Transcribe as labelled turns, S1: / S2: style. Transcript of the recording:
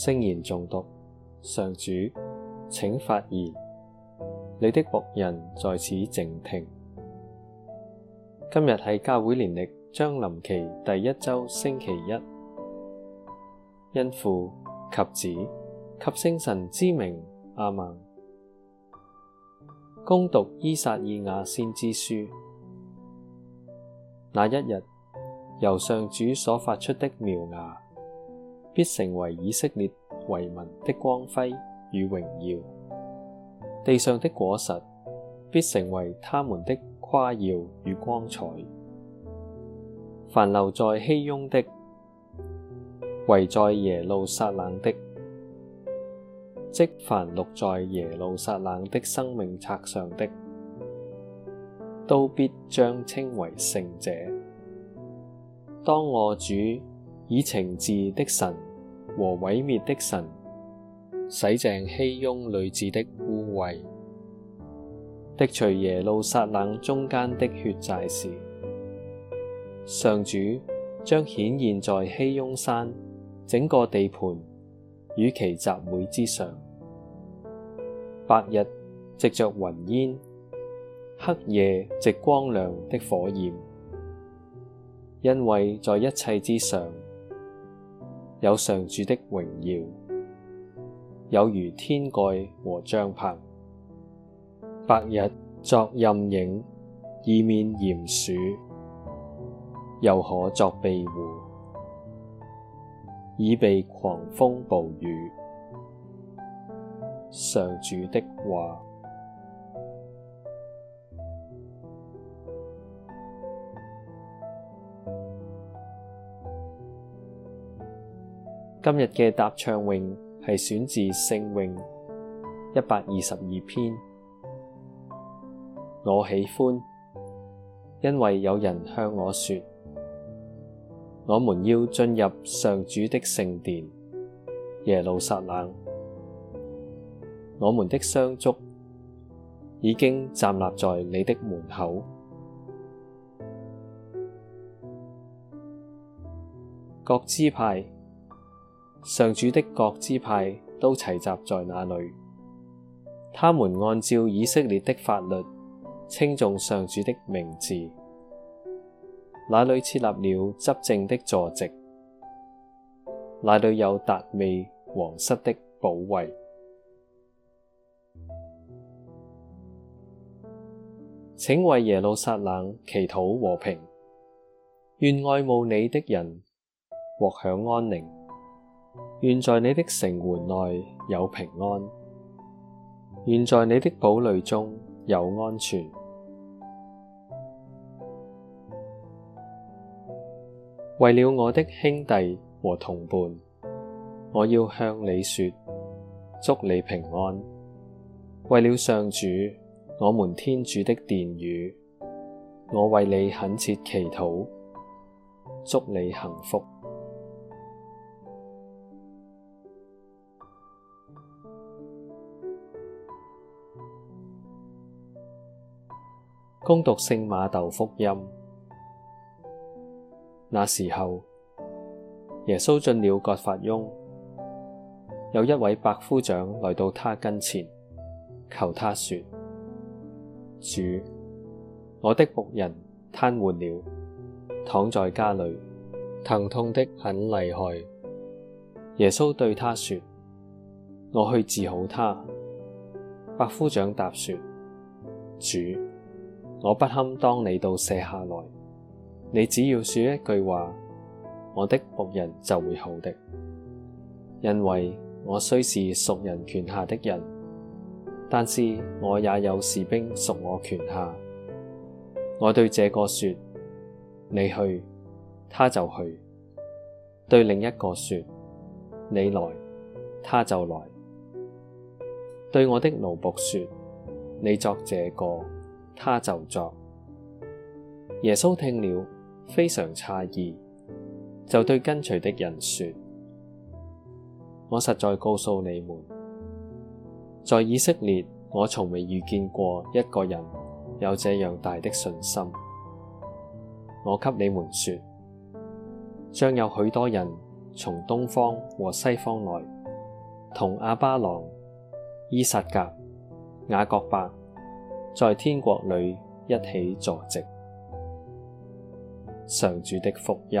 S1: 聖言誦讀，上主，請發言，你的僕人在此靜聽。今日係教會年曆將臨期第一周星期一，因父及子及星神之名阿們，恭讀依撒意亞先知書，那一日由上主所發出的苗芽。必成為以色列遺民的光輝與榮耀，地上的果實必成為他們的誇耀與光彩。凡留在熙雍的，遺在耶路撒冷的，即凡錄在耶路撒冷的生命冊上的，都必將稱為聖者。當我主，以懲治的神和毀滅的神洗淨熙雍女子的污穢，滌除耶路撒冷中間的血漬時，上主將顯現在熙雍山整個地盤與其集會之上，白日藉着雲煙，黑夜藉光亮的火焰，因為在一切之上。有上主的榮耀，有如天蓋和帳棚，白日作蔭影，以免炎暑，又可作庇護，以避狂風暴雨。上主的話。今日嘅答唱詠係選自聖詠一百二十二篇。我喜歡，因為有人向我說，我們要進入上主的聖殿，耶路撒冷，我們的雙足已經站立在你的門口。各支派。上主的各支派都齊集在那裏，他們按照以色列的法律稱頌上主的名字。那裏設立了執政的坐席，那裏有達味王室的寶位，請為耶路撒冷祈禱和平，願愛慕你的人獲享安寧。願在你的城垣內有平安，願在你的堡壘中有安全。為了我的兄弟和同伴，我要向你說，祝你平安。為了上主，我們天主的殿宇，我為你懇切祈禱，祝你幸福。恭讀聖瑪竇福音。那時候，耶穌進了葛法翁。有一位百夫長來到他跟前，求他說：主，我的僕人癱瘓了，躺在家裡，疼痛的很厲害。耶穌對他說：我去治好他。百夫長答說：主。我不堪當你到舍下來，你只要說一句話，我的僕人就會好的。因為我雖是屬人權下的人，但是我也有士兵屬我權下。我對這個說，你去，他就去；對另一個說，你來，他就來；對我的奴僕說，你作這個。他就作。耶穌聽了非常詫異，就對跟隨的人說：我實在告訴你們，在以色列我從未遇見過一個人有這樣大的信心。我給你們說，將有許多人從東方和西方來，同亞巴郎、依撒格、雅各伯，在天國裏一起坐席，上主的福音。